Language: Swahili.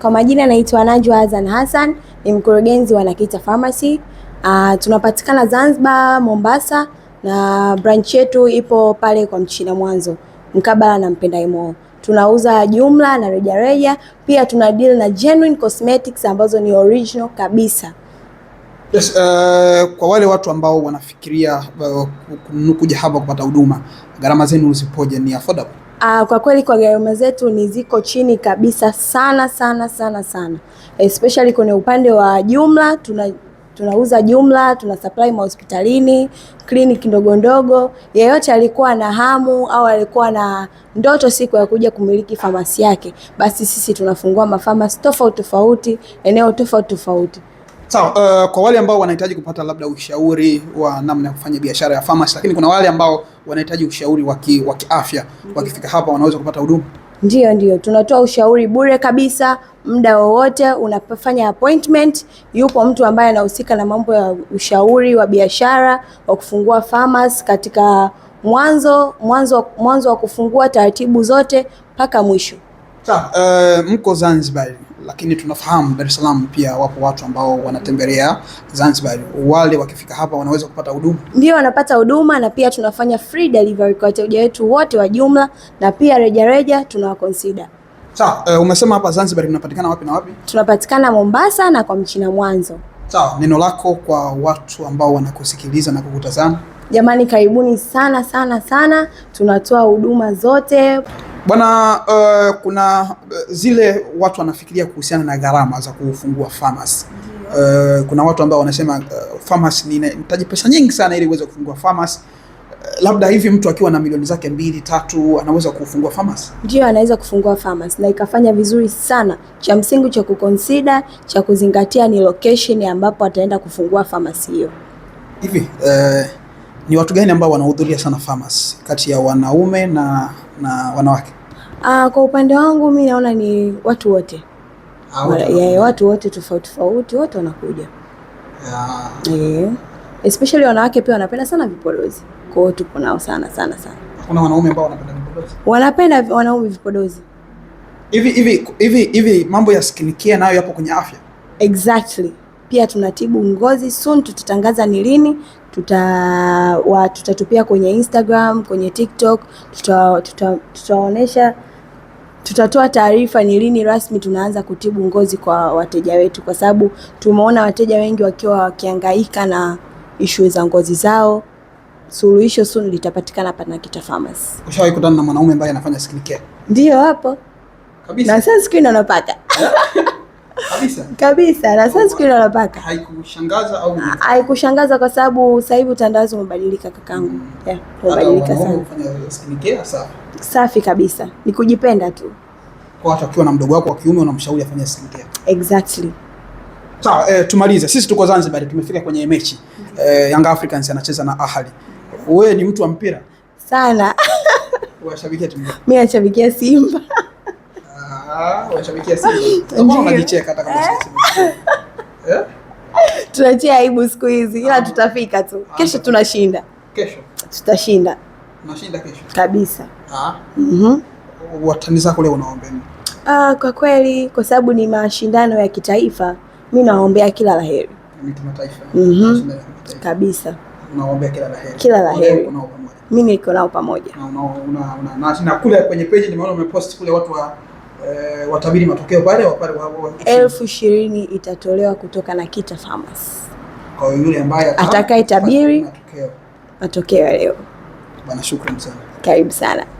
Kwa majina naitwa Najwa hasan Hassan, ni mkurugenzi wa Nakita Pharmacy. Uh, tunapatikana Zanzibar, Mombasa na branch yetu ipo pale kwa Mchina Mwanzo mkabala na Mpenda Mall. Tunauza jumla na rejareja, pia tuna deal na genuine cosmetics ambazo ni original kabisa. Yes, uh, kwa wale watu ambao wanafikiria uh, kuja hapa kupata huduma, gharama zenu zipoje? Ni affordable? Uh, kwa kweli kwa gharama zetu ni ziko chini kabisa sana sana sana sana, especially kwenye upande wa jumla tuna tunauza jumla, tuna supply mahospitalini, kliniki ndogo ndogo. Yeyote alikuwa na hamu au alikuwa na ndoto siku ya kuja kumiliki famasi yake, basi sisi tunafungua mafamasi tofauti tofauti, eneo tofauti tofauti. Sawa. uh, kwa wale ambao wanahitaji kupata labda ushauri wa namna ya kufanya biashara ya pharmacy, lakini kuna wale ambao wanahitaji ushauri wa kiafya, mm-hmm. wakifika hapa wanaweza kupata huduma? Ndiyo, ndiyo, tunatoa ushauri bure kabisa, muda wowote unafanya appointment. Yupo mtu ambaye anahusika na mambo ya ushauri wa biashara wa kufungua pharmacy katika mwanzo mwanzo mwanzo wa kufungua, taratibu zote mpaka mwisho. Sa, uh, eh, mko Zanzibar lakini tunafahamu Dar es Salaam pia wapo watu ambao wanatembelea Zanzibar. Wale wakifika hapa wanaweza kupata huduma, ndio wanapata huduma, na pia tunafanya free delivery kwa wateja wetu wote wa jumla na pia rejareja tunawaconsider. Sawa, uh, umesema hapa Zanzibar tunapatikana wapi na wapi? Tunapatikana Mombasa na kwa Mchina Mwanzo. Sawa, neno lako kwa watu ambao wanakusikiliza na kukutazama? Jamani, karibuni sana sana sana, tunatoa huduma zote. Bwana uh, kuna uh, zile watu wanafikiria kuhusiana na gharama za kufungua famasi. Uh, eh, kuna watu ambao wanasema uh, famasi ni inahitaji pesa nyingi sana ili uweze kufungua famasi. Uh, labda hivi mtu akiwa na milioni zake mbili tatu anaweza kufungua famasi? Ndio, anaweza kufungua famasi na ikafanya vizuri sana. Cha msingi cha kukonsida cha kuzingatia ni location ambapo ataenda kufungua famasi hiyo. Hivi uh, ni watu gani ambao wanahudhuria sana famasi kati ya wanaume na na wanawake? Aa, ah, kwa upande wangu mi naona ni watu wote ya, ah, watu wote tofauti tofauti wote wanakuja yeah. Especially wanawake pia wanapenda sana vipodozi, kwa hiyo tuko nao sana sana sana. Kuna wanaume ambao wanapenda vipodozi, wanapenda wanaume vipodozi. Hivi hivi hivi hivi mambo ya skincare nayo yapo kwenye afya? Exactly pia tunatibu ngozi. Soon tutatangaza ni lini, tuta tutatupia kwenye Instagram, kwenye TikTok, tuta, tuta, tutatoa taarifa ni lini rasmi tunaanza kutibu ngozi kwa wateja wetu, kwa sababu tumeona wateja wengi wakiwa wakihangaika na ishu za ngozi zao. Suluhisho soon litapatikana hapa Nakita Farmers. Ushawahi kutana na mwanaume ambaye anafanya skincare? Ndio, hapo kabisa, na sunscreen anapaka kabisa kabisa, na sasa siku ile anapaka haikushangaza au ah, haikushangaza, kwa sababu sasa hivi utandawazi umebadilika kakangu, mm. umebadilika sana. Skincare safi safi kabisa, ni kujipenda tu. Kwa hata ukiwa na mdogo wako wa kiume unamshauri afanye skincare. Exactly. Sawa, eh, tumalize. Sisi tuko Zanzibar, tumefika kwenye mechi eh, Young Africans anacheza na Ahli. Wewe ni mtu wa mpira sana. Unashabikia timu gani? Mimi nashabikia Simba. Ah, eh? eh? tunatia aibu siku hizi, ila ah. tutafika tu. Ah, kesho tunashinda, kesho tutashinda kesho kabisa. Mhm. Watani zako leo Ah, kwa kweli kwa sababu ni mashindano ya kitaifa, mi nawaombea kila la heri mm kila la heri, mi niko nao pamoja. Kule kwenye page nimeona umepost kule watu wa eh, watabiri matokeo pale elfu ishirini itatolewa kutoka na Kita Farmers. Kwa yule ambaye atakayetabiri matokeo matokeo leo. Bwana, shukrani sana, karibu sana.